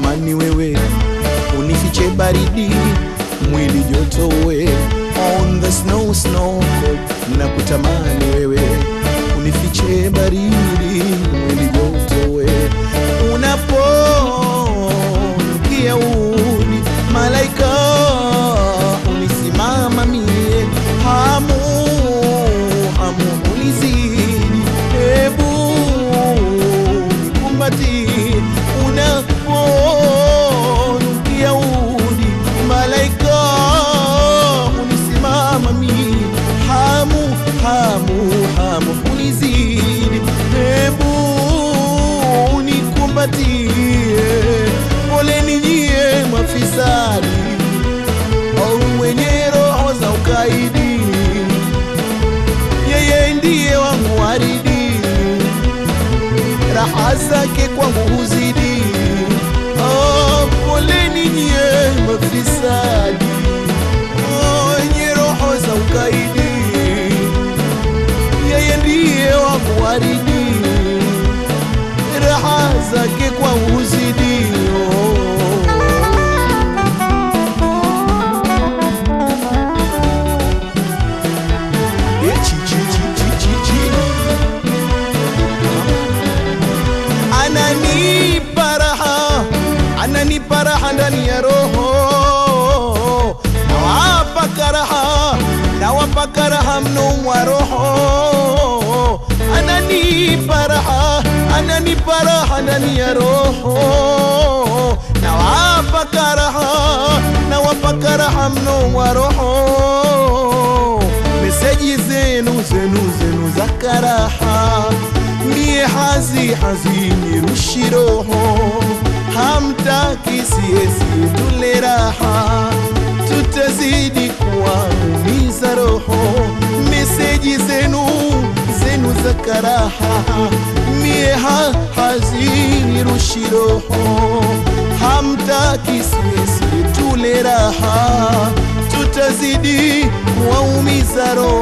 Natamani wewe unifiche baridi, mwili joto we on the snow snow, nakutamani wewe unifiche baridi, mwili joto we unaponukia uni malaika unisimama mie hamu hamu unizidi, hebu nikumbatie una raha zake kwangu huzidi. Ah, poleni nyie ndani ya roho, nawapaka raha, raha mno wa roho. Meseji zenu zenu zenu za karaha, mie hazi hazi nirushi roho, hamtaki siesi tule raha, tutazidi umiza roho. Meseji zenu zenu za karaha ha hazini rushi roho, hamtaki sisi tule raha, tutazidi kuwaumiza roho.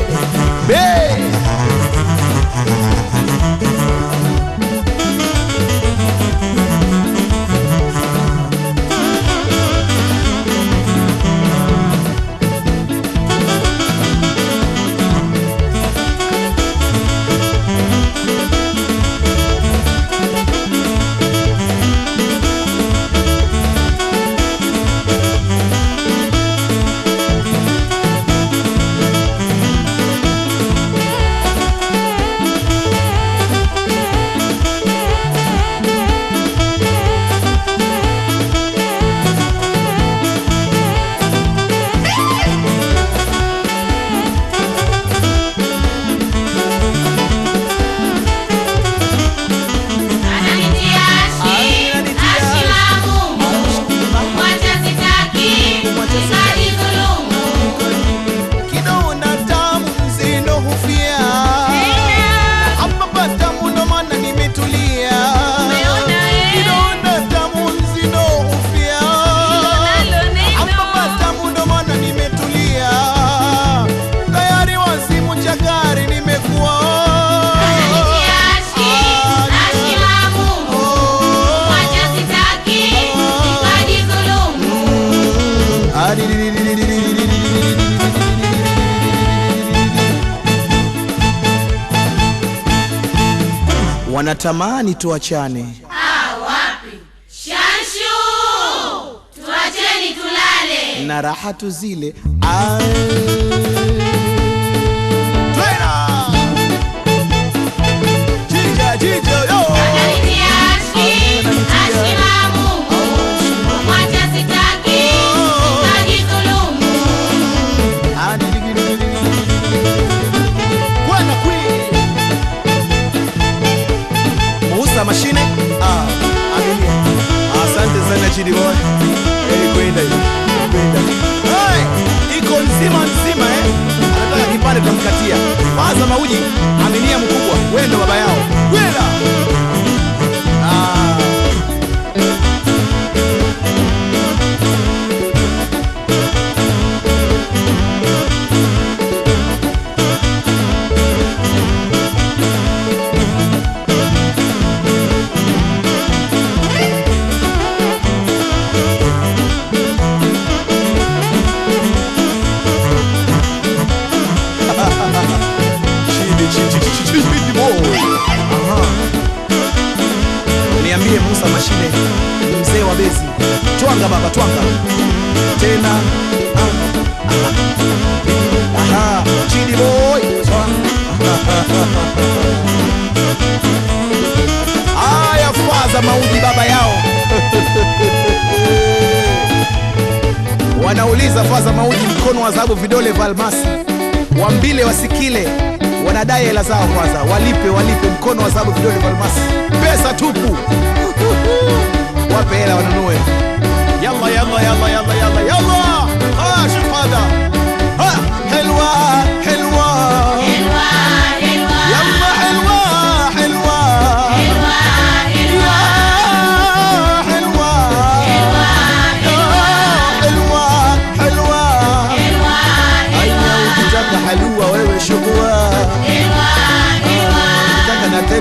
Thank you. wanatamani tuachane. Ah, wapi! Shanshu, tuacheni tulale na rahatu zile ah. za maudhi baba yao wanauliza faa za maudhi mkono wa zabu vidole vya almasi, wambile wasikile, wanadai hela zao kwanza, walipe walipe, mkono wa dhahabu, vidole vya almasi, pesa tupu, wape hela wanunue, yalla yalla yalla yalla yalla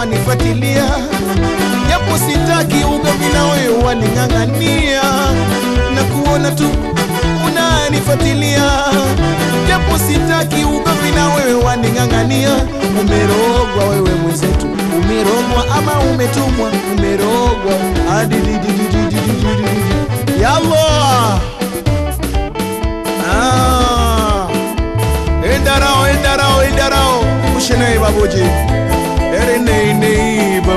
wanifuatilia, japo sitaki, ugomvi na waning'ang'ania, na kuona tu unanifuatilia, japo sitaki, ugomvi na wewe waning'ang'ania. Umerogwa wewe mwenzetu, umerogwa ama umetumwa, umerogwa hadi ah. Endarao, endarao, endarao, ushenaye baboje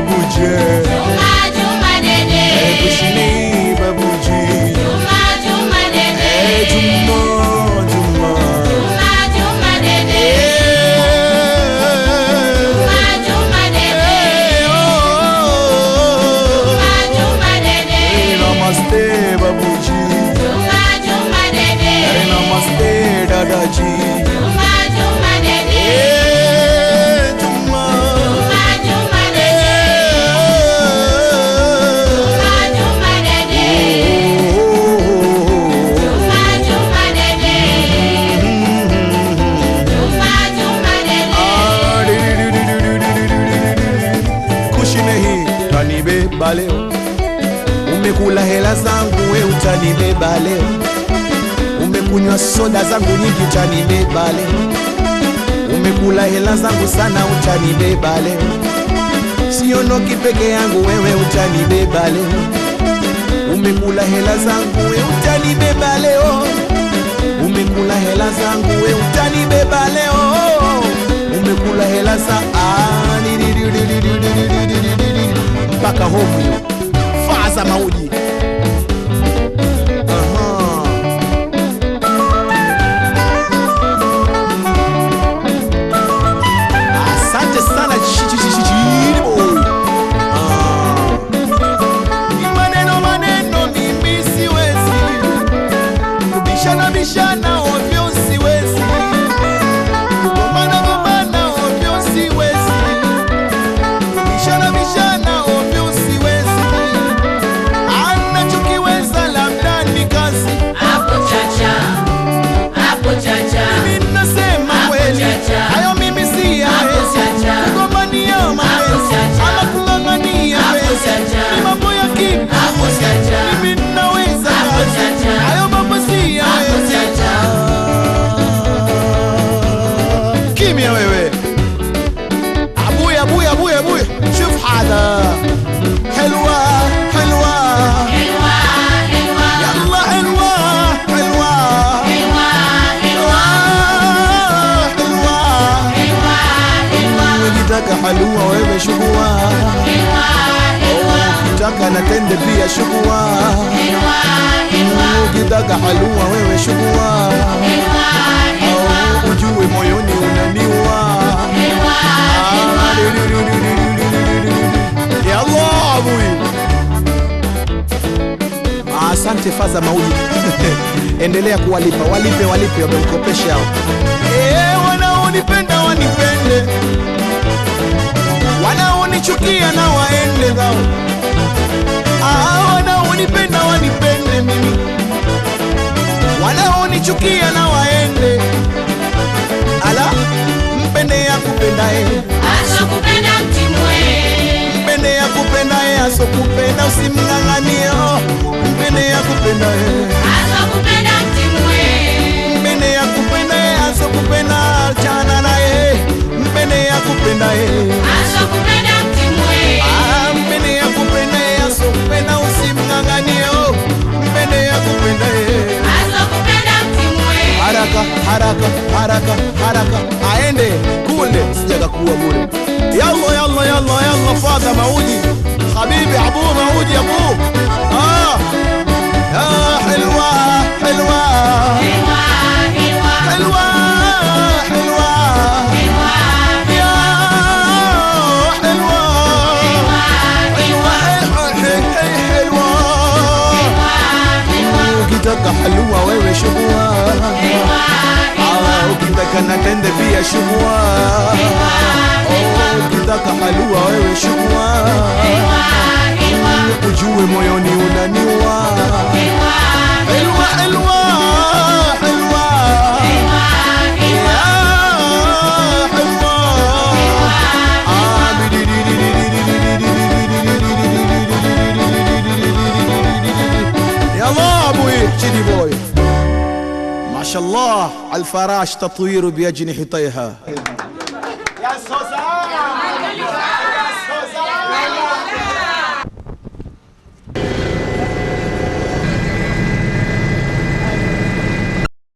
budget. utanibeba leo, umekula hela zangu we, utanibeba leo, umekunywa soda zangu nyingi, utanibeba leo, umekula hela zangu sana, utanibeba leo, siondoki peke yangu wewe, utanibeba leo, umekula hela zangu we, utanibeba leo, umekula hela zangu we, utanibeba leo, umekula hela za ah. maoni anatende pia shukua, ukitaka halua wewe shukua, au ujue moyoni unaniwa ya Asante faza mauli endelea kuwalipa, walipe, walipe, wamemkopesha hao. Eh, wanaonipenda wanipende, wanaonichukia na waende zao wanaonipenda ah, wanipende mimi, wanaonichukia na waende. Ala, mpende ya asokupenda mtimwe, mpende ya asokupenda, usimng'ang'anie. Mpende ya asokupenda mtimwe, mpende ya asokupenda, naye. Mpende ya asokupenda haraka haraka aende kunde sijakakuwa bure. Yalla yalla yalla yalla فاطمة عودي حبيبي عبوه موجود يا ابوه اه يا حلوة حلوة حلوة حلوة حلوة حلوة حلوة حلوة حلوة Nataka natende pia shukwa ukitaka oh, halua wewe shukwa ujue moyoni unaniwa elua elua شاء الله على الفراش تطوير بأجنحتيها